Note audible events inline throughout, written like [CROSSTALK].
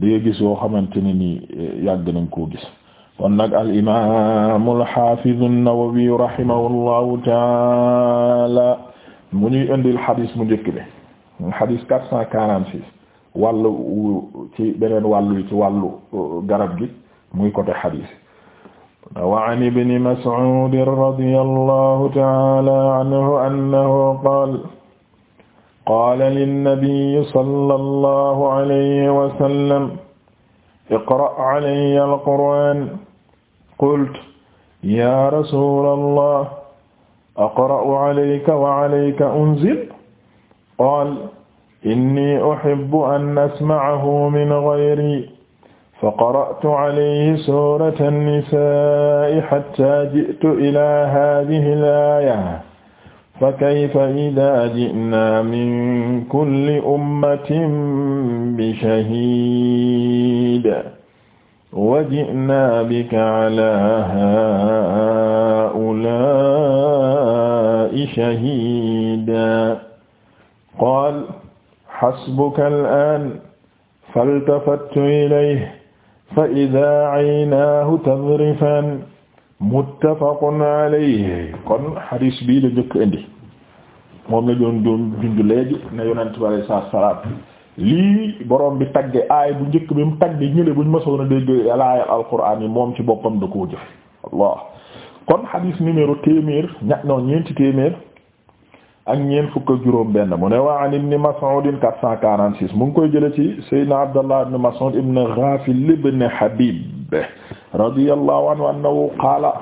di gis yoo xamante ne nii eh, yàgg nañ koo gis kon nag al imaam al haafiz an-Nawawi rahimahullahu taala mu ñuy indil xadis mu njëkk bi xadis quatre cent quarante six wàllu ci beneen wàllu ci wàllu eh, garab gi muy côté xadis wa an ibn Mas'ud radiyallahu taala anhu annahu qaala qaala linnabiyi sala allahu alayhi wasallam iqra calaya alqur'aan qultu yaa rasula allah aqra'u calayka wa calayka unzil qaala inni uhibbu an asmacahu min gayri faqara'tu calayhi suurata annisaa'i xatta ji'tu ilaa haadihi al-aaya fa kayfa idaa ji'naa min kulli ummatin bi shahiid wa ji'naa bika alaa haa'ulaa'i shahiidan qaala hasbuka al'aan faltafattu ilayhi fa idaa aynaahu tadrifaan muttafaqun alayhi kon hadis bii la njëkk indi moom la doon doon junj léegi ne yonent bi alayhi wa salaam lii borom bi tagge aay bu njëkk bi mu tagge ñële buñ mësoon a dégg laaya alquran yi moom ci boppam da koo jëf allah kon hadis numéro téeméer ña non ñeenti téeméer ak ñeent fukk ak juróom benn mu ne waa an ibn Mas'ud 446 mu ngi koy jële ci Seydina Abdallah ibn Mas'ud ibn Ghafil ibn Habib radiyallahu anhu annahu qaala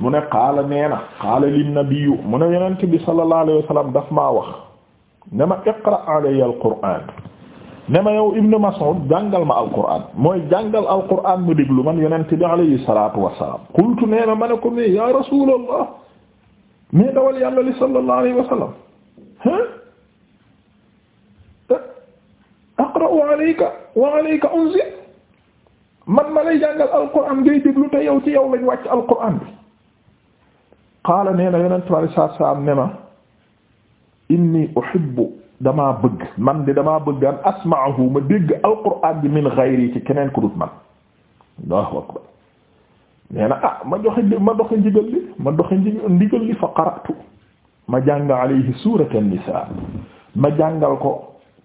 mu ne qaala nee na qaala lin nabiyyu mu ne yonent bi sallallahu alayhi wa sallam daf maa wax ne ma iqra alayya al-Qur'an ne ma ma al-Qur'an mooy jàngal al-Qur'an mu déglu man yonent bi alayhi salatu wassalam qultu nee na ma ne ko ya rasulullah mais dawal yàlla li sallallahu alayhi wa sallam eh? aqra'u alayka wa alayka unzil man ma lay jàngal alquran ngay déglu te yow ci yow lañ wàcc alquran bi qaala nee na yonent bi alayhi salaatu salaam ne ma inni uhibbu damaa bëgg man de damaa bëgg an asma'ahu ma dégg alquran bi min ghayri ci keneen ku dut man allahu akbar nee na ah ma joxe ma doxe ndigal li ma doxe ndigal li fa qara'tu ma jàng alayhi suuratu an-nisaa ma jàngal ko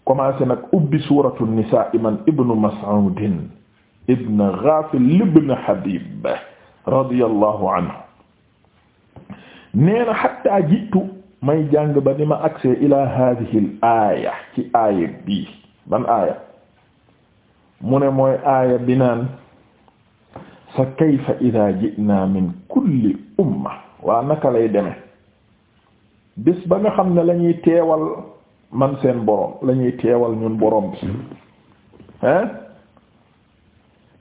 commencé nag ubbi suuratu an-nisaa man ibnu Mas'uud ibn Ghafil ibn Habib radiyallahu anhu nee na hatta jiitu may jàng ba ni ma agsee ila hadhihi al-aaya ci aaya bii ban aaya mu ne mooy aaya bi naan fa kayfa idaa ji'naa min kulli umma waa naka lay demee bis ba nga xam ne lañuy teewal man seen boroom lañuy teewal ñun boroom bi hein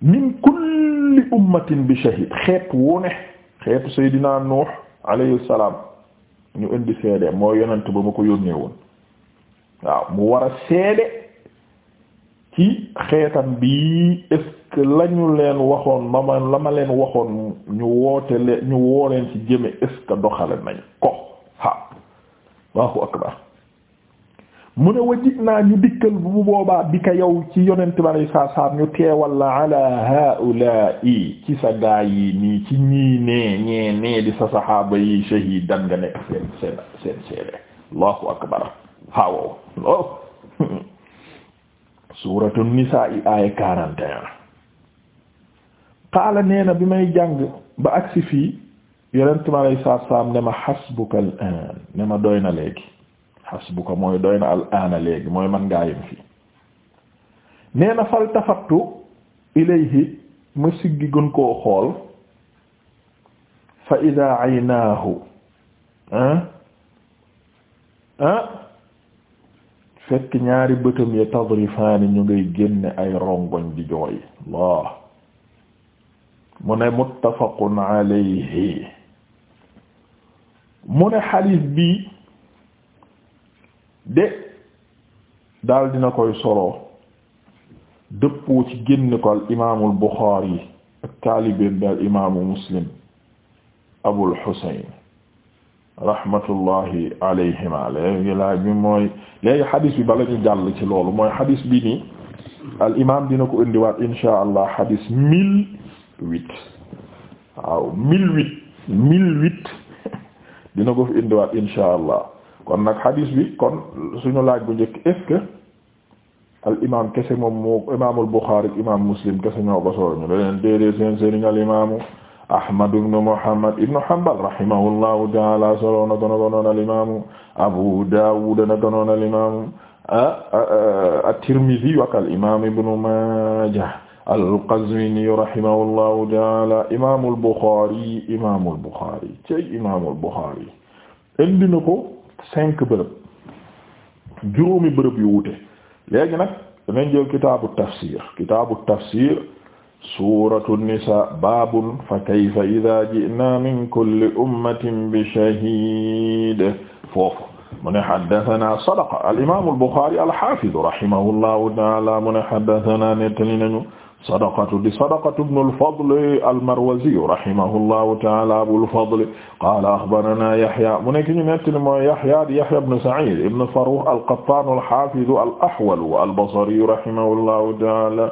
min kulli ummatin bi shahid xeet wu ne xeetu seydinaa nuux alayhi salaam ñu indi seede moo yonent ba ma ko yónnee woon waaw mu war a seede ci xeetam bii fekk lañu leen waxoon ma ma la ma leen waxoon ñu woote leen ñu woo leen ci jëme est-ce que doxale nañ ko ha Allahu akbar mu ne wa naa ñu dikkal bu boobaa bi ka yow ci yonent bari saa saam ñu teewal la ala haula'i ci sa gaa yi nii ci ñii nee ñee nee di sa saxaaba yi shahidan nga nekk seen seen seen seede Allahu akbar hawo [LAUGHS] suuratu nisaa aaya 41 qaala nee na bi may jàng ba agsi fii yonent mi alayhi salaatu salaam ne ma xasbuka al ne ma doy na léegi xasbuka mooy doy na al aana léegi mooy man ngaa yem fii nee na faltafattu ilayhi ma siggi gën koo xool fa idaa aynaahu ah, ah fekk ñaari bëtam ya tadrifaani ñu ngay génne ay rongoñ di jooy mu ne muttafaqun alayhi mu bi de daal dina koy solo dëppoo ci génn ko al imaamu al Buxaari ak taalibeen bi al imaamu Muslim Abul Husayn rahmatullahi alayhima léegi laaj bi mooy bi bala ñu jàll ci loolu mooy xadiis bi nii al imaam dina ko indiwaat insha allah xadiis huit waaw mille huit mille huit [LAUGHS] dina ko fi indiwaat insha allah kon nag hadis bi kon suñu laaj bu njëkk est-ce al imam kese moom imaamul Buxaari imam Muslim kese ñoo ko ñu leneen déedéet seen sëriñ al imaamu Ahmad ibn Muhammad ibn Hanbal rahimahullahu ta'ala solo na ko al imaamu Abu Daawud na ko al imaamu ah, ah, ah, at-Tirmidhi wa al imam Ibn al-Qazwini rahimahullahu ta'ala imaamul Bukhari imaamul Bukhari cey imaamul Bukhari indi na ko cinq bërëb juróomi bërëb yu wute léegi nag danañ jël kitaabu tafsir kitaabu tafsir suuratu nisaa baabun fa kayfa idhaa ji'naa min kulli ummatin bi shahiid foofu mu ne xaddatana sadaqa al imaamu al Buxaari al xaafidu rahimahullahu ta'aala mu ne xaddatana nettali nañu sadaqatu di sadaqatu ibnu al-Fadl al-Marwazi rahimahullahu ta'ala Abul Fadl qala akhbarana Yahya mu nekk ñu nettali mooy Yahya di Yahya ibn Sa'id ibn Farrukh al-Qattan al-Hafiz al-Ahwal al-Basri rahimahullahu ta'ala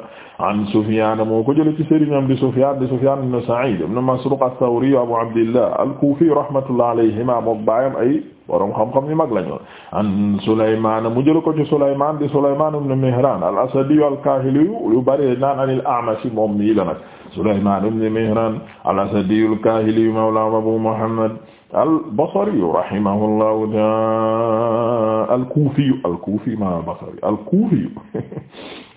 an Sufyan moo ko jële ci sëriñam di Sufyan di Sufyan ibn Sa'id ibn Masruq ath-Thawri Abu Abdillah al-Kufi rahmatullahi alayhima moom baayam ay borom xam-xam yu mag lañu an Sulaymaan mu jël ko ci Sulaymaan di Sulaymaan ibn Mihraan al-Asadi al-Kaahili lu bari naan anil A'mash moom nii la nag Sulaymaan ibn Mihraan al-Asadi al-Kaahili mawla Abu Muhammad al-Basri rahimahullahu ta'aala al-Kuufi al-Kuufi ma al-Basri al-Kuufi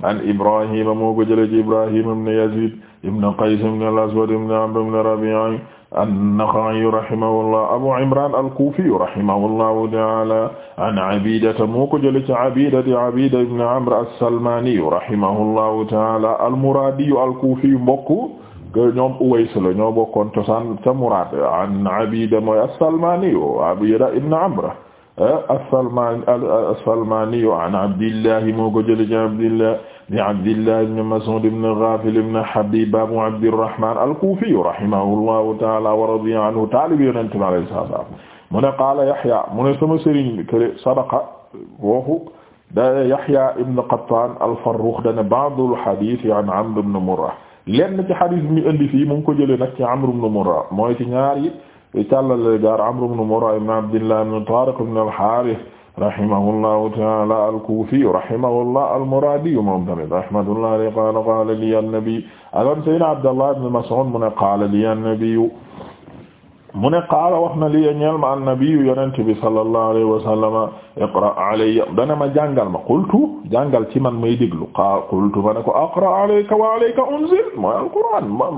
an Ibraahiima moo ko jëlee ci Ibraahiima ibn Yaziid ibn Qays ibn al-Aswad ibn Amr ibn Rabi'a an-Nakha'i rahimahullah Abu Imran al-Kufi rahimahullahu ta'ala an Abidata moo ko jëlee ci Abida di Abida ibn Amr as-Salmani rahimahullahu ta'ala al-Muradi al-Kufi mbokk ñoom Uways la ñoo bokkoon cosaan ca Murad an Abida mooy as-Salmani Abida ibn Amr eh, as-Salmani an Abdillah moo ko jëlee ci Abdillah di abdillah ibn mas'ud ibn ghafil ibn habib abu abdirrahman al-kufi rahimahullahu ta'ala wa radiya anhu taalib yonent mi alayhi salaam mu ne qaala yahya mu ne sama sëriñ bi kër sadaqa waxu da yahya ibn qattan al-farrukh dana ba'd al-hadith an amr ibn murra lenn ci hadith mi indi fii mu ngi ko jëlee nag ci amr ibn murra mooy ci ñaari tallal gaar amr ibn murra ibn abdillah ibn tariq ibn al-harith rahimahullahu ta'ala al-Kufi rahimahullah al-Muradi moom tamit rahmatullahi alayhi qala qala li an-nabi alam sayyidina Abdallah ibn Mas'ud mu ne qala li an-nabi mu ne qaala wax na li ñeel ma annabiyu yonent bi sallallahu alayhi wa sallama iqra alayya dana ma jàngal ma qultu jàngal ci man may déglu qaa qultu ma ne ko aqra alayka wa alayka unzil mooy alquran ma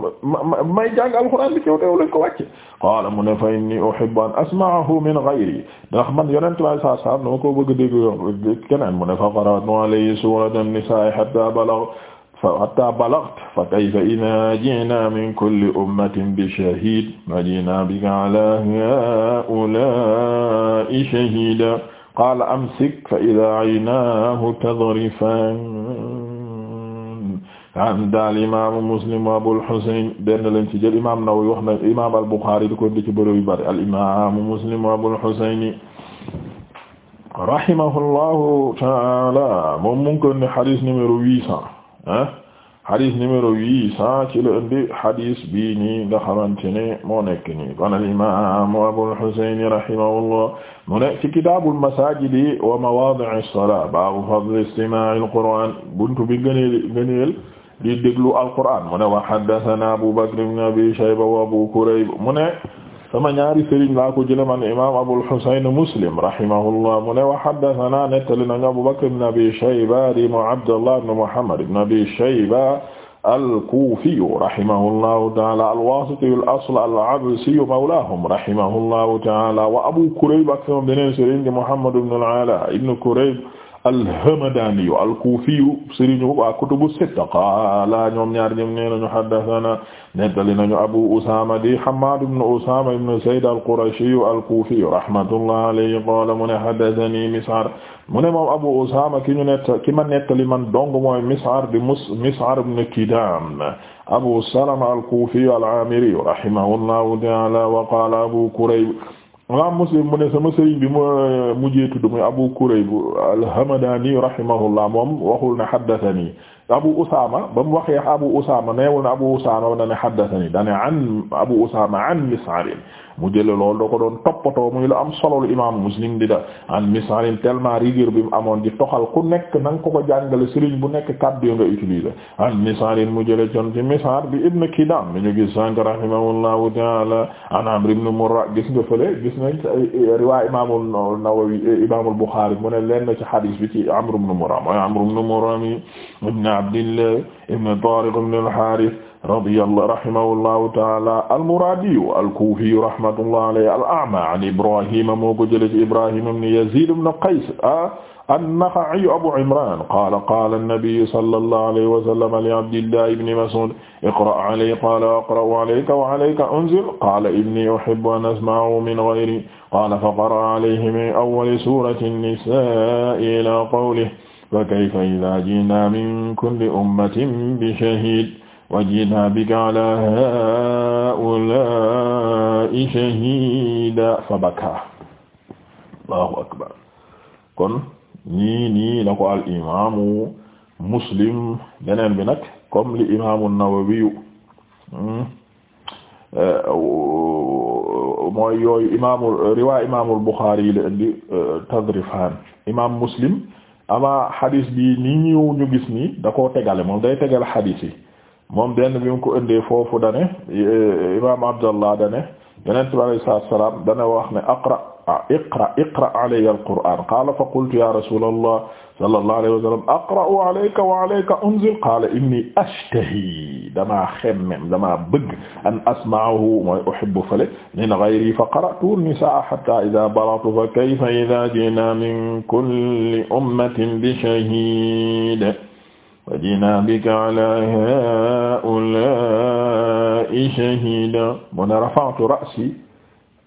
may jàng alquran bi ciw teew lañ ko wàcce qaala mu ne fa inni uhibbu an asma'ahu min ghayri ndax man yonent bi saa saa dama ko bëgg dégg keneen mu ne fa qara'tu alayhi suratan nisaa hatta balagha hatta balagta fa kayfa idha ji'na min kulli ummatin bi shahid wa ji'na bika ala ha'ula'i shahida qala amsik fa idha 'aynahu tadrifan am daal imaamu Muslim Abul Husayn benn lañ ci jël imaam Nawawi wax na imaam al-Bukhari di ko indi ci bërëb yu bari al imaamu Muslim Abul Husayn rahimahullahu ta'ala moom mu ngi ko ne hadith numéro 800 ah hadis numéro huit cent ci la indi hadis bii nii nga xamante ne moo nekk nii kon al imam Abul Husayn rahimahullah mu ne ci kitaabul masaajidi wa mawaadi'is salaa baabu fadli istimaa'il qur'aan buntu bi gëneel gëneel di déglu alqur'aan mu ne wa haddasanaa Abu Bakr ibn Abi Shayba wa Abu Kurayb mu ne sama ñaari sëriñ laa ko jële man imam Abul Husayn Muslim rahimahullah mu ne wa haddathana nettali nañu Abu Bakr ibn Abi Shayba di mu Abdullah ibn Muhammad ibn Abi Shayba al-Kufi rahimahullahu ta'ala al-Wasiti al-asl al-Absi mawlahum rahimahullahu ta'ala wa Abu Kurayb ak sama beneen sëriñ di Muhammad ibn al-Ala ibn Kurayb alhamadaniyu alkuufiyu sëriñu waa kutubu sitta qaala ñoom ñaar ñoom nee nañu haddathana nettali nañu abu usama di hammad ibn usama ibn zayd alqurashiyu alkuufiyu rahmatullah alayhi qaala mu ne haddathani mis'ar mu ne moom abu usama ki ñu nett ki ma nettali man dong mooy mis'ar di mus mis'ar ibn kidam abu salama alkuufiyu alamiriyu rahimahullahu ta'ala wa qaala abu kurayb imam Muslim mu ne sama sëriñ bi ma mujjee tudd muy Abu Kurayb al-Hamadani rahimahullah moom waxul ne haddathani abu usama ba mu waxee abu usama neewul ne abu usama dane haddathani dane an abu usama an mis'arin mu jële loolu da ko doon toppatoo muy lu am solo imam muslim di da an mis'arin tellement rigueur bi mu amoon di toxal ku nekk na nga ko ko jàngale sëriñ bu nekk kàddu nga utiliser an mis'arin mu jële coon ci mis'ar bi ibn kidam bi ñu gis sànk rahimahullahu taala an amr ibn murra gis nga fële gis nañ riwaa imamul nawawi imamul bukhari mu ne leen na ci hadis bi ci amr ibn murra ibn Abdillah ibn Tariq ibn al-Harith radiyallahu rahimahullahu ta'ala al-Muradiyu al-Kufiyu rahmatullahi alayhi al-A'ma an Ibrahima moo ko jëlee ci Ibrahima ibn Yazid ibn Qays an-Nakha'iyu Abu Imran qala qala an-nabiyyu sallallahu alayhi wa sallam li Abdillahi ibn Mas'ud iqra' alayya qala aqra'u alayka wa alayka unzil qala inni uhibbu an asma'ahu min ghayri qala faqara'a alayhi min awwali surati an-nisa'i ila qawlihi fa kayfa idaa ji'naa min kulli ummatin bi shahiid wa ji'naa bika alaa haa'ulaa'i shahiidaa fa bakaa Allahu akbar kon nii nii la ko al imaamu Muslim beneen bi nag comme li imaamu Nawawi hmm, eh, mooy yooyu imaamu riwaay imaamul Buxaari yi la indi eh, tadrifaan imaam Muslim ama xadis bi ni ñëw ñu gis nii da koo tegale moom day tegal xadis yi moom benn bi mu ko indee foofu dane eh, eh, imam abdallah dane yonent bi alayhi salaam dane wax ne aqra Ah, iqra iqra alayya alqur'aan qaala fa qultu ya rasuulallah sallallahu alayhi wa sallam aqra'u alayka wa alayka unzil qaala inni ashtahi damaa xemmem damaa bëgg an asma'ahu mooy uhibbu fale min ghayri fa qara'tu nisaa hatta idha balagtu fa kayfa idha ji'na min kulli ummatin bi shahid wa ji'na bika ala ha'ula'i shahida man rafa'tu ra'si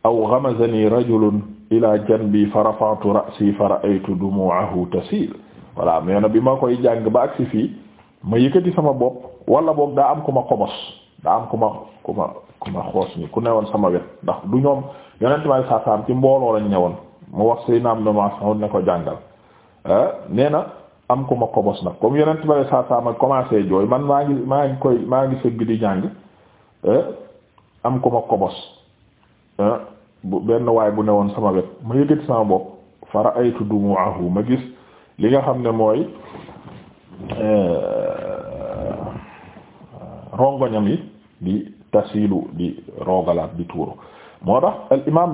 aw ghamazani rajulun ila janbi fa rafa'tu ra'si fa ra'aytu dumu'ahu tasil voilà nee na bi ma koy jàng ba agsi fii ma yëkkati sama bopp wala boog daa am ku ma kobos daa am ku ma ku ma ku ma xoos sama ndax du ñoom yonent may saasaam ci mbooloo lañ ñëwoon mu naam ne ne ko jàngal eh, nee na am ku ma kobos nag comme yonent may saasaam a commencé jooy man maa ngi maa ngi koy maa ngi sëgg di jàng eh, am ku ma kobos eh, bu benn waay bu ne woon sama wet ma yëkkati sama bopp fara aytu dumuahu ma gis li nga xam ne mooy euh, rongoñam yi di tasilu di roogalaat di tuuru moo tax al imam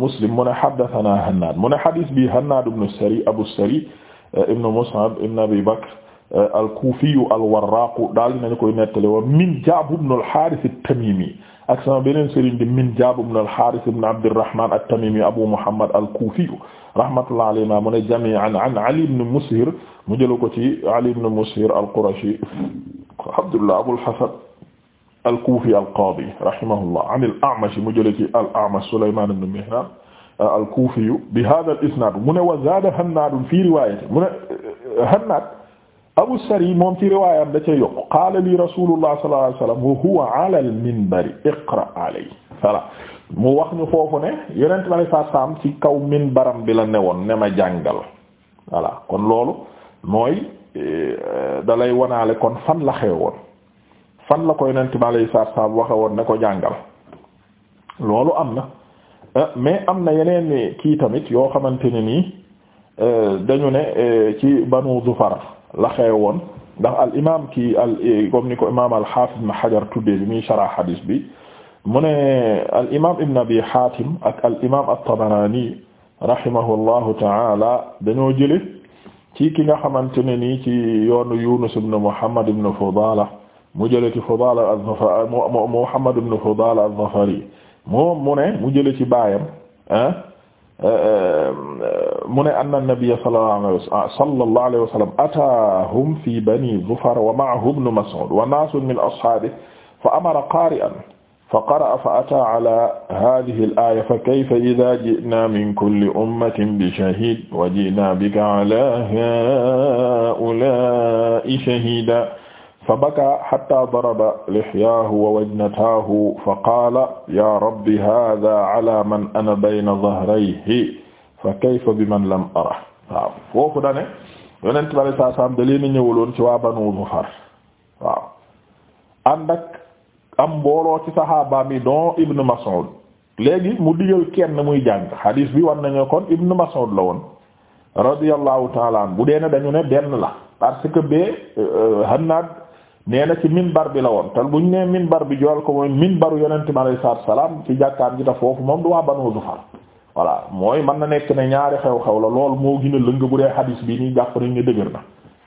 muslim mu ne haddathana hannaad mu ne hadis bi hannaad ibnu sari abu sari euh, ibnu mus'ab ibnu abi bakr Euh, al-Kufiyu al-Warraq daal dinañu koy nettali wa Minjab ibn al-Harith at-Tamimi ak sama beneen sëriñ di Minjab ibn al-Harith ibn Abdurrahman at-Tamimi Abu Muhammad al-Kufiyu rahmatullahi alayhima mu ne jami'an an Ali ibn Mushir mu jël ko ci Ali ibn Mushir al-Qurashi Abdullah Abul Hasan al-Kufi al-Qadi rahimahullah an al-A'mash mu jël ci al-A'mash Sulayman ibn Mihran al-Kufiyu bi hadha al-isnad mu ne wa zada Hannad fi riwayati mu ne Hannad Abu Sari moom ci riwaayam da cee yokk qaala li Rasulullah sallallahu alayhi wasallam wa huwa ala al-minbari iqra alayhi voilà mu wax ñu foofu ne yeneen tamit saa saam ci kaw minbaram bi la newoon ne ma jàngal voilà kon loolu mooy e, e, da lay wanaale kon fan la xewoon fan la ko yeneen tamit lay saa saam waxe woon ne ko jàngal loolu am na eh, mais am na yeneen kii tamit yoo xamante ne nii. Euh, dañu ne euh, ci banu Zufar la xew woon ndax al imaam kii al eh, comme ni ko imaam al Haafiz Ibn Hajar tuddee bi muy sarah hadis bi mu ne al imaam Ibn Abi Haatim ak al imaam at-Tabaraani rahimahullahu ta'ala dañoo jële ci ki nga xamante ne nii ci yoonu Yunus ibn Muhammad ibn Fudala mu jële ci Fudala az-Zafari Muhammad ibn Fudala az-Zafari moom mu ne mu jële ci baayam mu ne anna nabiyya sallallahu alayhi wa sallam ataahum fi bani zufar wa ma'ahu ibnu mas'ud wa naasun min ashaabihi fa amara qaari'an fa qara'a fa ataa ala haadihi al-aaya fa kayfa idhaa ji'naa min kulli ummatin bi shahiid wa ji'naa bika ala haa'ulaa'i shahiidan fa baka xatta daraba lixyaahu wa wajnataahu fa qaala yaa rabbi haaza ala man ana bayna dahrayhi fa kayfa bi man lam ara waaw foofu dane yonent bi alei salaam da leen ñëwaloon ci waa Banu Zufar waaw ànd am mbooloo ci saxaaba mi don Ibn Mas'ud léegi mu digal kenn muy jàng xadiis bi war nañu Ibn Mas'ud la woon radiyallahu taala an bu dee dañu ne benn la parce que bee euh, nee na ci bar bi la woon te buñ nee bar bi jool ko mooy minbaru yonente bi alayhi salaatu salaam ci jàkkaam ji ta foofu moom du waa Banu Zufar voilà mooy man na nekk ne ñaari xew-xew la lool moo gën a lëng bu dee hadis bi nii jàpp nañ ne dëgër na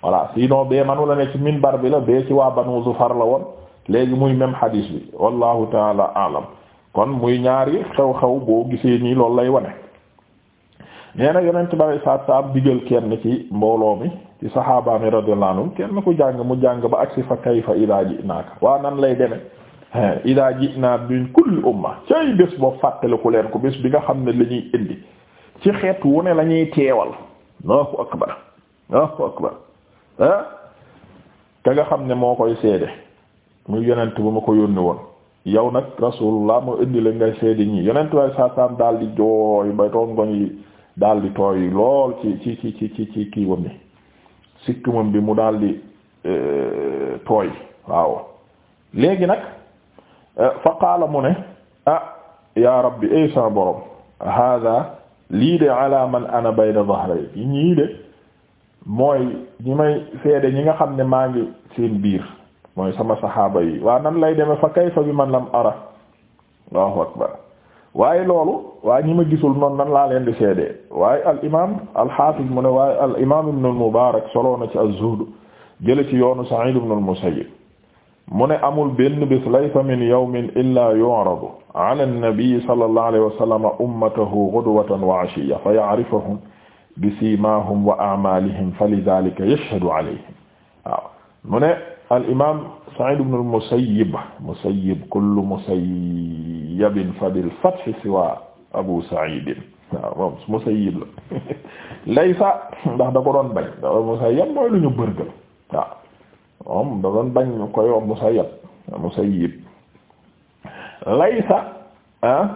voilà sinon bee manu la ne ci minbar bi la bee ci waa Banu Zufar la woon léegi muy même hadis bi wallahu taala alam kon muy ñaari xew-xew boo gisee nii loolu lay wane nee na yonente bi alayhi salaatu salaam digal kenn ci mbooloo mi ci saxaabaami radiyallahu anhum kenn ku jàng mu jàng ba agsi fa kayfa idaa ji'naaka waa nan lay deme idaa naa min kulli umma cay bés boo fàttaliku leen ko bés bi nga xam ne la ñuy indi ci xeet wu ne la ñuy teewal Allahu akbar Allahu akbar ah ka nga xam ne moo koy seede muy yonent bu ma ko yónni woon yow nag rasulullah moo indi la ngay seede ñii yonent way saasaam daal di jooy ba toon yi daal di tooy lool ci ci ci ci ci kii wam ni sikkimam bi mu daal di e, tooy waaw léegi nag e, fa qaala mu ne ah ya rabbi ay sa borom hada lii de ala man ana bayna dhahray yi ñii de mooy ñi may seede ñi nga xam ne maa ngi seen biir mooy sama saxaaba yi waa nan lay deme fa kayfa bi man lam ara allahu akbar waaye loolu waaye ñi ma gisul noonu nan laa leen di seede waaye al imaam al xaafiz mu ne waaye al imaam ibn al mubaarak soloo na ci az-zuhd jële ci yoonu sa'id ibn al musayyib mu ne amul benn bis laysa min yawmin illaa yu'radu ala an-nabi sallallahu alayhi wa sallam ummatahu ghudwatan wa 'ashiyyan fa ya'rifuhum bi siimaahum wa a'maalihim fa lidhaalika yashhadu alayhim waaw mu ne al imaam Sa'iid ibn al-Musayyib Musayyib kullu Musayyibin fa la [LAUGHS] laysa ndax da ko doon bañ da Musayyib mooy lu bërgël waaw moom da doon bañ koy wax Musayyib laysa ah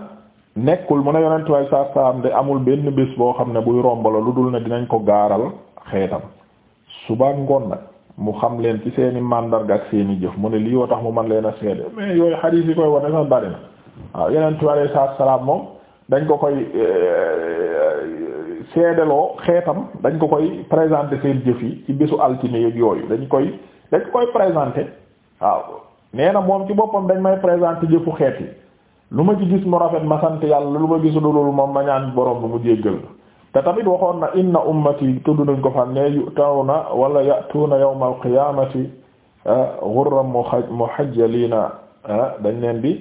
nekkul mu ne yonent way saa amul benn bés boo xam ne buy romb la lu dul ne dinañ ko gaaral xeetam suba ngoon nag mu xam leen ci seeni mandarga ak seeni jëf mu ne lii woo tax mu man leen a seede mais yooyu xadiis yi koy wane sax bari na waaw yeneen tu alayhi salaam moom dañ ko koy euh, seedeloo xeetam dañ ko koy présenter seen jëf yi ci bésu altine yeeg yooyu dañ koy dañ koy présenter waaw nee na moom ci boppam dañ may présenter jëfu xeet yi lu ma ci gis mu rafet ma sant yàlla lu ma gisul loolu moom ma ñaan borom bi mu jéggal te tamit waxoon na inna ummati tudd nañ ko fan ne yu'tawna wala ya'tuna yawmal qiyaamati eh, ghurran muhajjaliina eh, dañ leen di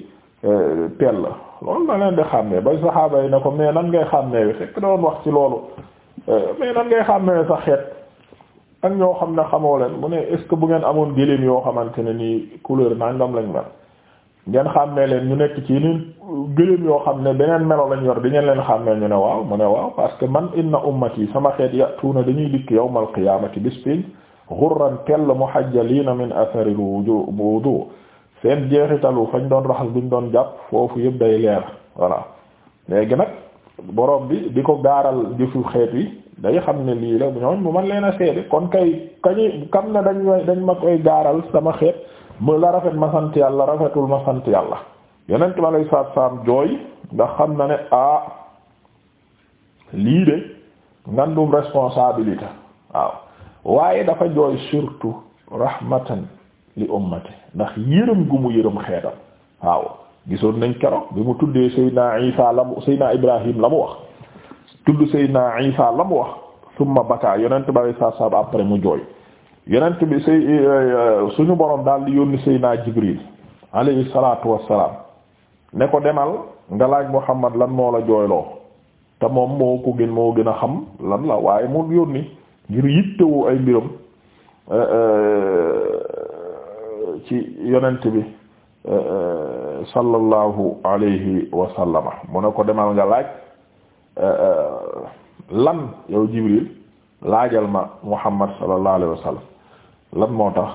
teel eh, loolu na leen di xàmmee bay saxaaba yi ne ko mais nan ngay xàmmee fekk doon wax ci loolu mais nan ngay xàmmee sa xeet ak ñoo xam ne xamoo leen mu ne est ce que bu ngeen amoon gëléem yoo xamante ne nii couleur nangam lañ mel. ngeen xàmmee leen ñu nekk ci yeneen gëléem yoo xam ne beneen melo lañ yor di ngeen leen xàmmee ñu ne waaw mu ne waaw parce que man inna ummati sama xeet yatuuna dañuy dikk yawmal qiyaamati bis biñ xurran tell muhajjaliina min athari wudu seen jeexitalu fañ doon raxas buñ doon jàpp foofu yëpp day leer voilà léegi nag borom bi di ko gaaral jëfu xeet wi day xam ne lii la ñooñ mu man leen a seede kon kay kañu kam ne dañ dañ ma koy gaaral sama xeet ma la rafet ma sant yàlla rafetul ma sant yàlla yeneen ma lay saat saam jooy ndax xam na ne ah lii de ngandum responsabilité waaw waaye dafa jooy surtout rahmatan li ummati ndax yërëm gu mu yërëm xeetam waaw gisoon nañ keroog bi mu tuddee Seydina Isa la mu Seydina Ibrahim la mu wax tudd Seydina Isa la mu wax summa baka yonent ba lay saat saam après mu jooy yonent bi say eh, eh, suñu borom daal di yónni Seydina Jibril alayhi salaatu wassalaam ne ko demal nga laaj Muhammad lan moo la jooyloo te moom moo ko gën moo gën a xam lan la waaye mu yónni ngir yittewoo ay mbiram eh, ci yonent bi sallallahu alayhi wa sallama mu ne ko demal nga laaj lan yow Jibril laajal ma Muhammad sallallahu alayhi wa sallam lan moo tax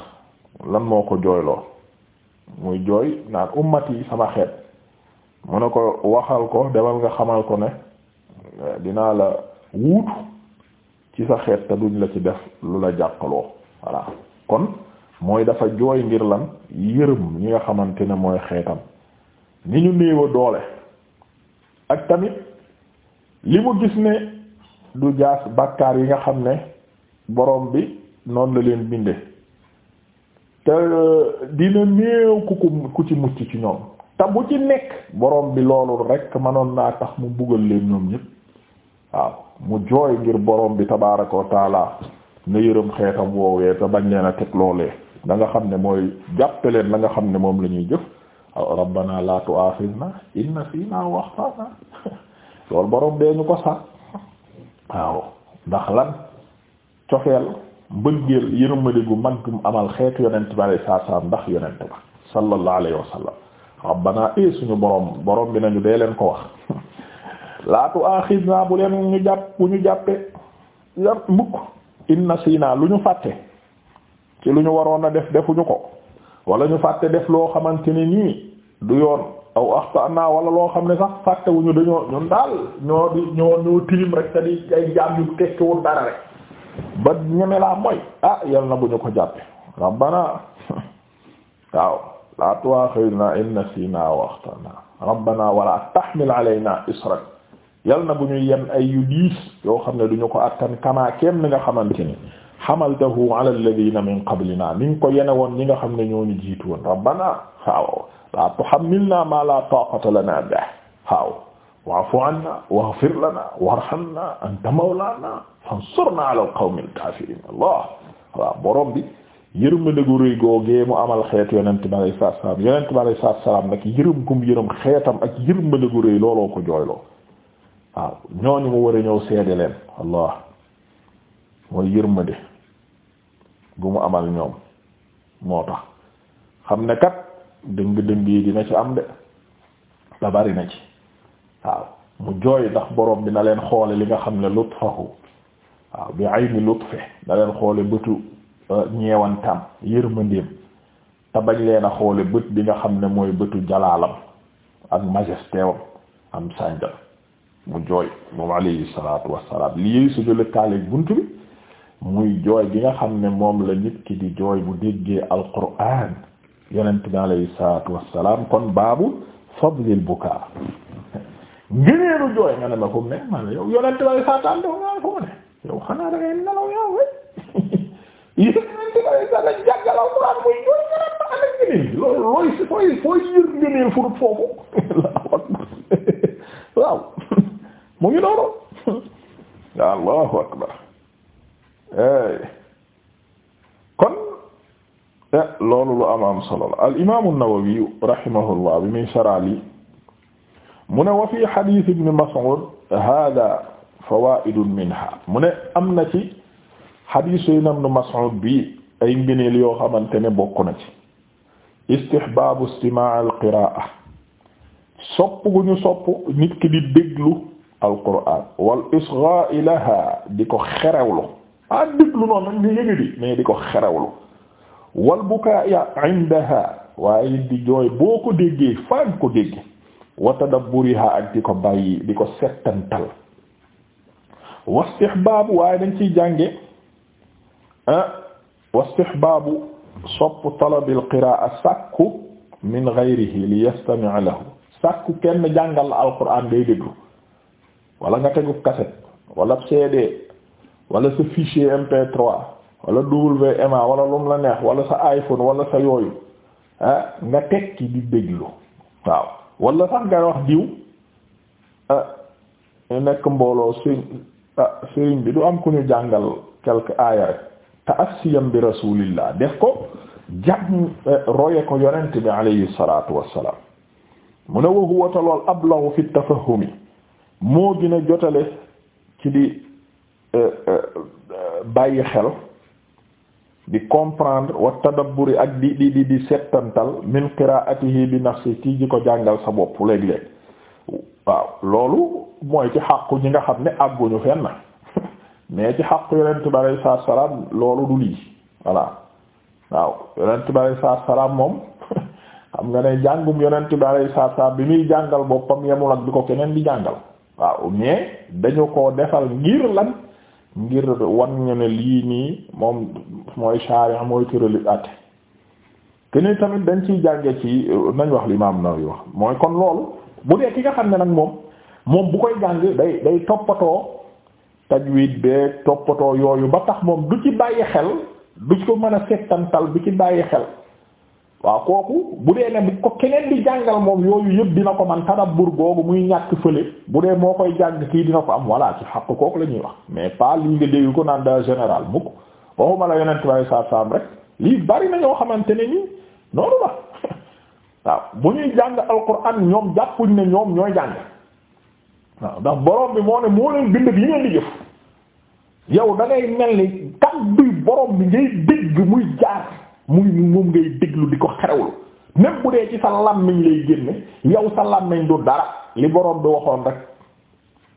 lan moo ko jooyloo muy jooy naan ummati sama xeet mu ne ko waxal ko demal nga xamal ko ne eh, dinaa la wuutu ci sa xeet te duñ la ci def lu la jàqaloo voilà kon mooy dafa jooy ngir lan yërëm ñi nga xamante ne mooy xeetam ni ñu néewa doole ak tamit li mu gis ne du jaas bàkkaar yi nga xam ne borom bi noonu la leen binde te euh, dina néew ku ku ci mucc ci ñoom te bu ci nekk borom bi loolu rek manoon naa tax mu buggal leen ñoom ñépp waaw mu jooy ngir borom bi tabaaraka wa taala na yërëm xeetam woowee te bañ leen a teg loolee da nga xam ne mooy jàppaleen la nga xam ne moom lañuy ñuy jëf rabbana la tu'akhidna in nasina wa akhtana [LAUGHS] loolu borom bee ñu ko sax waaw ndax lan cofeel mbëggeel yërmande gu mag mu amal xeet yonent bi alayhi salaatu salaam ndax yonent ba sallallahu alayhi wa sallam rabbana eh, suñu borom borom bi nañu dee leen ko wax [LAUGHS] laatu axisna bu leen ñu jàpp bu ñu jàppe jàpp mbukk inna siina lu ñu fàtte ci lu ñu waroon a def defuñu ko wala ñu fàtte def loo xamante ni nii du yoon aw axtana wala loo xam ne sax fàttewuñu dañoo ñun daal ñoo di ñoo ñoo tilim rek te ay jaam yu dara rek ba ñeme laa ah yal na bu ñu ko jàppe rabbana [LAUGHS] waaw laa tuwaaxidna in nasiina aw axtana rabbana wala tahmil alayna isran yal na bu ñu yen ay yu diis yoo xam na du ko attan kamaa kem ni nga xamante ni xamaltahu ala alladhina min qablina ni nga ko yene woon ñi nga xam ne ñoo ñu jiitu rabbana waaw laa tuhammilna ma la lana bih waaw wa'fu wa waghfir lana warhamna anta mawlana fansurna ala al-qawmi al waaw borom bi yërmande gu rëy googee mu amal xeet yonent bi alayhi salaatu salaam yonent bi alayhi salaam nag yërëm ak yërmande gu rëy looloo ko jooyloo waaw ñooñu mu war ñëw seede leen allah mooy yërmande gu mu amal ñoom moo tax xam ne kat dëng dëng yi dina ci am de da bari na ci waaw mu jooy ndax borom bi na leen xoole li nga xam ne lutfahu waaw bi ayni lutfe na leen xoole bëtu euh, ñeewantam yërmandeem te bañ leen a xoole bët bi nga xam ne mooy bëtu jalaalam ak majesté wam am mu jooy moom alayhi salaatu wassalaam gi nga xam ne moom la nit ki di jooy bu déggee alquran yonent bi alayhi salaatu wassalaam kon baabu fadlil bukaa ngëneelu jooy nga ne ma fu ne ma ne yow yonente bay satan dow nga foo ne yow xanaa da ngay nelaw yow yéen ñi ci bëri sax dañu jàngal alxuraan muy ñoom ñoo leen baax a ngëneel loolu looy si fooy fooy yër ngëneel [LAUGHS] waaw mu ngi noonu [LAUGHS] Allahu akbar kon eh, loolu lu am am solo la al imaamu Nawawi rahimahullah bi muy sarali mune wa fi hadith ibn Mas'ud hada fawaidun minha mu ne am na ci hadith bi ay ngëneel yoo xamante ne bokk na ci istihbaabu istima' al-qira'a sopp gu ñu sopp nit ki di déglu al-Qur'an laha di ko xerewlu ah déglu noonu nag di yëngu di di ko xerewlu wal buka'i 'indaha waaye di jooy boo ko déggee faan ko wa tadabburiha ak di ko bàyyi di ko settantal wastihbaabu waaye dañ ciy jànge ah, wastihbaabu sopp talabil qiraa sàkku min ghayrihi li yastami'a lahu sàkku kenn jàngal la alquran ngay déglu wala nga tegu cassette wala CD wala sa fichier MP3 wala WMA wala lum la neex wala sa iPhone wala sa yooyu ah, nga tekki di déglu waaw wala sax ngay wax diw ah, nekk mbooloo ah, sëriñ ah bi du am ku ñu jàngal quelque aaya rek ta'assiyam bi rasulillah def ko jàmm eh, roye ko yonent bi alayhi salatu wassalam mu ne wa huwa lool fi tafahumi moo gën a jotale ci di eh, eh, bàyyi xel di comprendre wa tadabburi ak di di di di settantal min qiraatihi bi nafsi ci di ko jàngal sa bopp léeg-léeg waaw loolu mooy ci xàqu ñi nga xam ne àgguñu fenn [LAUGHS] mais ci xàqu yonent bi alayhi salaatu salaam loolu du lii voilà waaw yonent bi alayhi salaatu moom [LAUGHS] xam nga ne jàngum yonent bi alayhi salaatu salaam bi muy jàngal boppam yemul ak bi ko keneen di jàngal waaw mais dañu ko defal ngir lan ngir wan ñu ne lii nii moom mooy sharia mooy tërali àtte keneen tamit dañ ciy jànge ci nañ wax li Imaam Nawawi wax mooy kon loolu bu dee ki nga xam ne nag moom moom bu koy jàng day day toppatoo tajwid beeg toppatoo yooyu ba tax moom du ci bàyyi xel du ko mën a settantal du ci bàyyi xel waaw kooku bu dee ne bu ko keneen di jàngal moom yooyu yëpp dina ko man tadabbur googu muy ñàkk fële bu dee moo koy jàng kii dina ko am voilà ci xaq kooku la ñuy wax mais pas lii nga dégg ko naan da général mukk waxuma la yonent bari saa saam rek lii bari na ñoo xamante ne nii noonu la [LAUGHS] waaw bu ñuy jàng alquran ñoom jàppuñ ne ñoom ñooy jàng waaw ndax borom bi moo ne moo leen bind yi ngeen di jëf yow da mel ni kaddu borom bi ngay dégg muy muy moom ngay déglu di ko xerewlu même bu dee ci sa làmmiñ lay génne yow sa làmmiñ du dara li boroom bi waxoon rek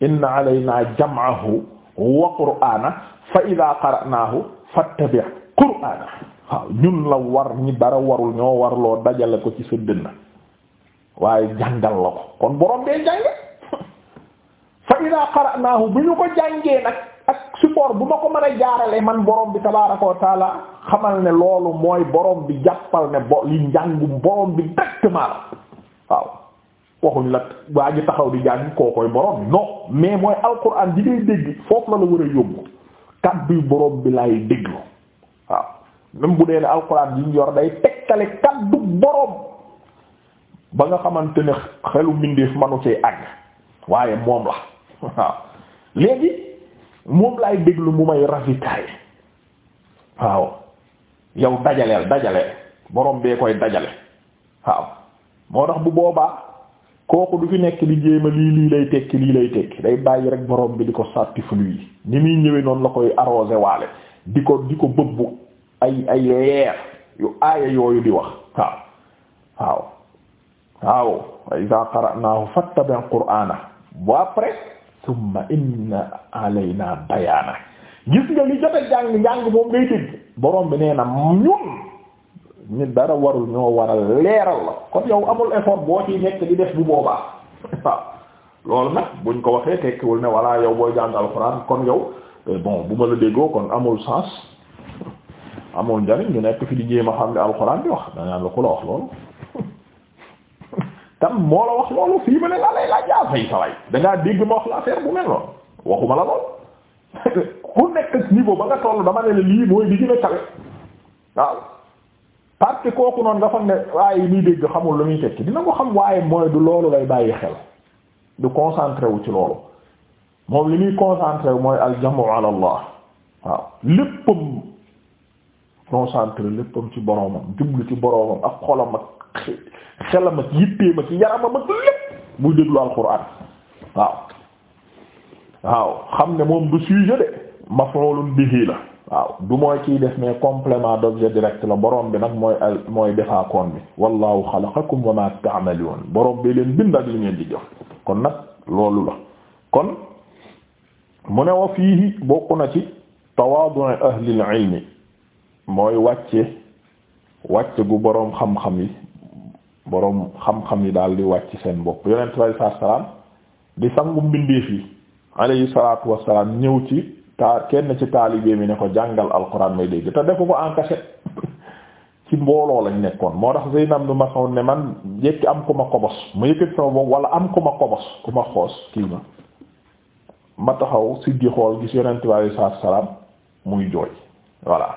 inna alayna jam'ahu wa qur'ana fa ida qara'naahu fattabi' qur'ana waaw ñun la war ñi dara warul ñoo warloo dajale ko ci sa dënn waaye jàngal la ko kon boroom bee jàng [LAUGHS] fa ida qara'naahu bu ñu ko jàngee nag ak support bu ma ko mën a jaarale man borom bi tabaaraka wa taala xamal ne loolu mooy borom bi jàppal ne bo li njàngum borom bi directement la waaw waxuñ la waa ji taxaw di jàng koo koy borom bi non mooy alquran ji la la war a yóbbu kadduy borom bi déglu waaw même bu dee ne alquran ji ñu yor day tekkale kaddu borom ba nga xamante ne xelu mbindeef manu see àgg waaye moom la waaw léegi. moom laay déglu mu may ravitaay waaw yow dajaleel dajaleel borom bee koy dajale waaw moo tax bu boobaa kooku du fi nekk liggéey jéema lii lii lay tekki lii lay tekki day bàyyi rek borom bi di ko sàtti flu ni muy ñëwee noonu la koy arrosé waale di ko di ko bëbbu ay ay yeer yu aaya yooyu di wax waaw waaw waaw wa iza qara'nahu fattabi' qur'ana bu après summa inna alayna bayaana gis nga li jot a jàng jàng moom ngay dégg borom bi nee na ñun ñu dara warul ñoo waral leeral la kon yow amul effort boo ci nekk di def bu boobaa [LAUGHS] loolu nag buñ ko waxee tekkiwul ne walla yow booy jàng alxuraan kon yow eh, bon bu ma la déggoo kon amul sens [LAUGHS] amul njariñ ñu nekk fi di jéem a xam ne alxuraan bi wax danaan la ku la wax loolu tam moo la wax loolu fii ma ne laa lay laaj yaa ah, fay saway dangaa dégg ma wax la affaire bu mel noonu waxuma la lool [LAUGHS] ku nekk niveau ba nga toll dama ne la lii mooy li gën a kawe waaw parce kooku noonu nga fag ne waaye muy dégg xamul lu muy tekki dina ko xam waaye mooy du loolu lay bàyyi xel du concentré wu ci loolu moom li muy concentré mooy aljamu ala allah waaw léppam concentré léppam ci boromam jublu ci boromam ak xolam ak xelam ak yitteem ak yaramam ak lépp muy déglu alquran waaw waaw xam ne moom du sujet de maf'ulun bihi la waaw du mooy kiy def mais complément d'objet direct la borom bi nag mooy al mooy defaakoon bi wallahu xalaqakum wa ma ta'malun borom bi leen bind ak li ngeen di jox kon nag loolu la kon mu ne wa fiihi bokk na ci tawaadu ahlil ilmi mooy wàcce wàcce gu boroom xam-xam yi boroom xam-xam yi daal di wàcc seen bopp yonent bi saa salaam di sangu mbindeef yi alayhi salaatu wa salaam ñëw ci taa kenn ci taalibe mi ne ko jàngal alxuraan may dégg te defu ko en cachette [LAUGHS] ci mbooloo lañ nekkoon moo tax Zaynab ma Mas'ud ne man yëkki am ku ma kobos ma yëkkati sama bopp wala am ku ma kobos ku ma xoos kii ma ma taxaw siggi xool gis yonent bi alayhi salaatu wa salaam muy jooy voilà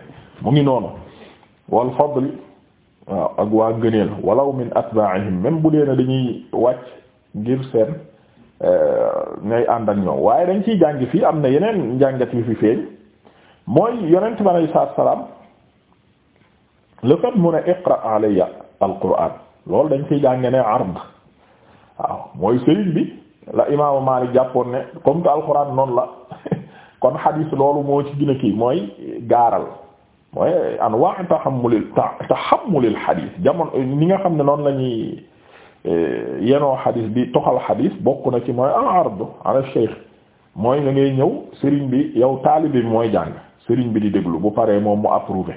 [LAUGHS] mu ngi noonu wal fadl waaw ak waa gëneel walaw min atba'ihim même bu dee na dañuy wàcc ngir seen euh, ñooy ànd ñoom waaye dañ ci jàng fii am na yeneen njàngat yu fi feeñ mooy yonent bi alayhi salaam le mu ne iqra alayya alquran loolu dañ ciy jàng ne ard waaw mooy sëriñ bi la imaamu Maalik jàppoon ne comme que alquran noonu la [LAUGHS] kon xadiis loolu moo ci gën kii mooy gaaral. mooy tax tahammulil tahammulil xadis jamono ni nga xam ne noonu la ñuy e, yenoo xadis bi toxal xadis bokk na ci mooy al ardu ala shaykh mooy nga ngay ñëw sëriñ bi yow taalibe bi mooy jàng sëriñ bi di déglu bu paree moom mu approuvé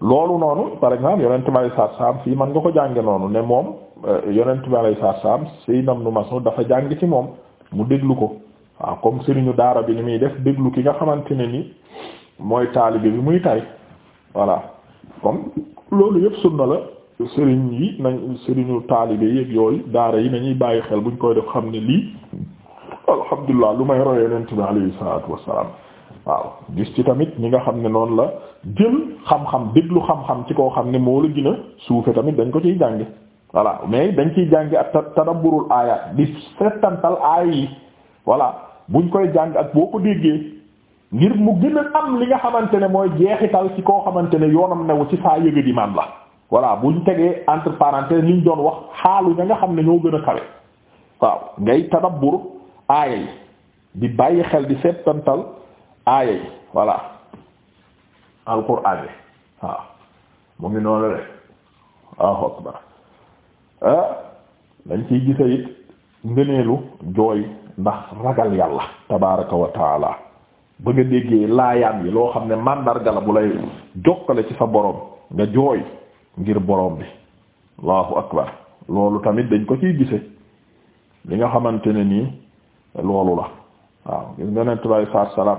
loolu noonu par exemple yonent bi alayhi fii man nga ko jànge noonu ne moom e, yonent bi alayhi salaatu salaam Sayyidina Ibn Mas'ud dafa jàng ci moom mu déglu ko waaw comme sëriñu daara bi ni muy def déglu ki nga xamante ne ni mooy taalibe bi muy voilà kon loolu yëpp sunna la sëriñ yi nañ sëriñu taalibe yëpp yooyu daara yi nañuy bàyyi xel buñ koy def xam ne lii alhamdulilah lu may roy yonent bi alayhi salaatu wassalaam waaw gis ci tamit ñi nga xam ne noonu la jël xam-xam déglu xam-xam ci koo xam ne moo la gën a tamit dañ ko ciy jànge voilà mais dañ ciy jànge ak tadabburul aayat di settantal aaya yi voilà buñ koy jàng ak boo ko déggee ngir mu gën am li nga xamante ne mooy jeexital ci koo xamante ne yoonam newu ci saa yëga di maam la voilà buñ tegee entre parenthèses liñ doon wax xaalu ña nga xam ne ñoo gën a kawe waaw ngay tadabbur aaya yi di bàyyi xel di settantal aaya yi voilà alquran yi waaw mu ngi noonu rek waaw akbar ah dañ ciy gisa it ngëneelu jooy ndax ragal yàlla tabaraka wa ba nga déggee laayaan yi loo xam ne màndarga la bu lay jokkale ci sa boroom nga jooy ngir borom bi allahu akbar loolu tamit dañ ko ciy gise li nga xamante ne nii loolu la waaw gis nga nent bay saat salaam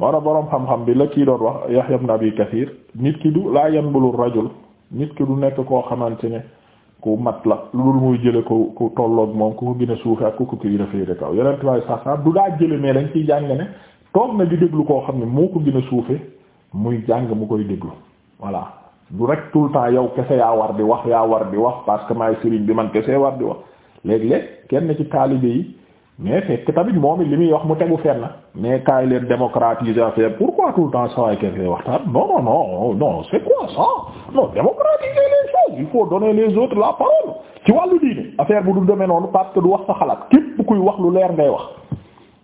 moo tax boroom xam-xam bi la kii doon wax Yahya ibn Kathir nit ki du laa yanbulu rajul nit ki du nekk koo xamante ne ku mat la lu dul muy jële ku ku tolloog moom ku ko gën a ak ku ko gën a féete kaw yeneen tubaab yi sax du daa jële toog na di déglu koo xam ne moo ko gën a suufe muy jàng mu koy déglu voilà du rek tout le temps yow kese yaa war di wax yaa war di wax parce que maay sëriñ bi man kese war di wax léeg-léeg kenn ci taalibe yi mais fekk tamit moom it li muy wax mu tegu fenn mais kaay leen démocratiser affaire pourquoi tout le temps saa waay kese waxtaan non non non non c'est quoi ça non démocratiser les choses il faut donner les autres la parole ci wàllu diine affaire bu du demee noonu parce que du wax xalaat kuy wax lu leer ngay wax.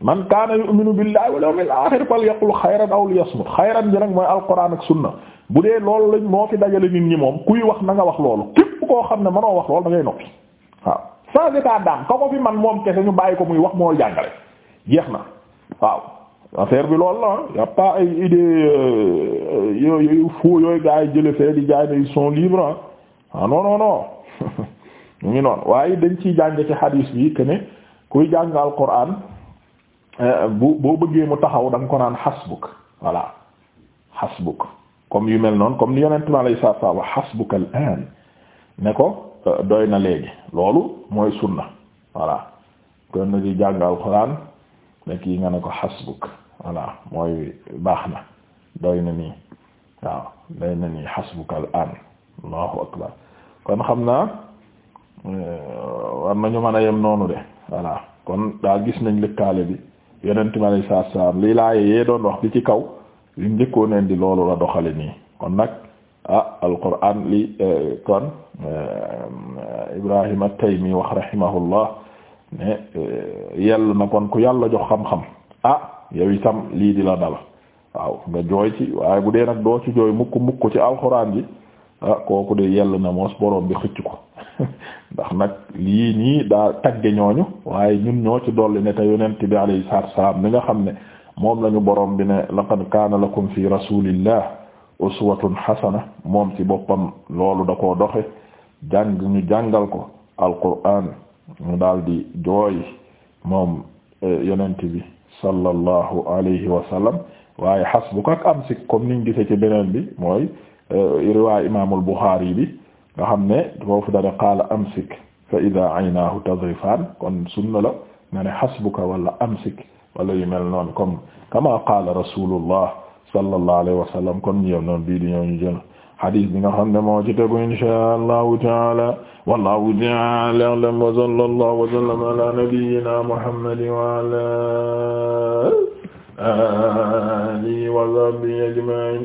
man kaana yu'minu billahi wal yawmil akhir falyaqul xayran aw liyasmut xayran ji nag mooy alquran ak sunna bu dee loolu lañ moo fi dajale nit ñi moom kuy wax na nga wax loolu koo xam ne mënoo wax loolu da ngay noppi waaw moom kese ñu bàyyi ko muy wax moo jàngale jeex na waaw bi loolu la ah. ay idée euh, yooyu fou yooyu di jaay ne ils sont libres ah, ah [LAUGHS] ngi noonu waaye dañ ciy jàng ci hadis bi que ne kuy jàng alquran Euh, boo bëggee mu taxaw da nga ko naan xasbuk voilà xasbuk comme yu mel noonu comme li yonent bi alayhi salaatu wa salaam al aan ko euh, doy na léegi loolu mooy sunna voilà doon na di jàng alxuraan nekk yi nga ne ko xasbuk voilà mooy baax na doy na nii waaw doy na nii xasbuka al aan allahu akbar kon xam naa euh, war nañu mën a yem noonu de voilà kon daal gis nañ lëkkaale bi yeneen time alay saa laa yee doon wax bi ci kaw li njëkkoo neen di loolu la doxale nii kon nag ah alquran li eh, kon eh, Ibrahim at-Taymi wax rahimahullah ne eh, yell na kon ku yàlla jox xam-xam ah yow lii di la dal waaw nga jooy ci waaye bu dee nag doo ci jooy mukk mukk ci alquran ji ah kooku de yell na moos borom bi xëcc ko [LAUGHS] ndax nag lii nii daa tagge ñooñu waaye ñun ñoo ci dolli ne te yonent bi alayhi salaatu salaam nga xam ne moom lañu borom bi ne laqad kaana lakum fi rasulillah uswatun hasana moom ci boppam loolu da koo doxe jàng ñu jàngal ko alquran ñu daal di jooy moom eh, yonent bi sallallahu alayhi wa sallam waaye hasbuk ak amsik comme niñ gise ci beneen bi mooy Euh, riwaay imaamul Buxaari bi nga xam ne foofu dane qaala amsik fa ida aynaahu tadrifaan kon sunna la nga ne xasbuka wala amsik wala yu mel noonu comme kama qaala rasulullah sallallahu alayhi wa sallam kon ñëw noonu bii di ñëw ñu jël xadis bi nga xam ne moo ci tegu inshaa allahu taala wallahu taala a'lam wa sallallahu wa sallam ala nabiyyina muhammadin wa ala alihi wa sahbihi ajma'in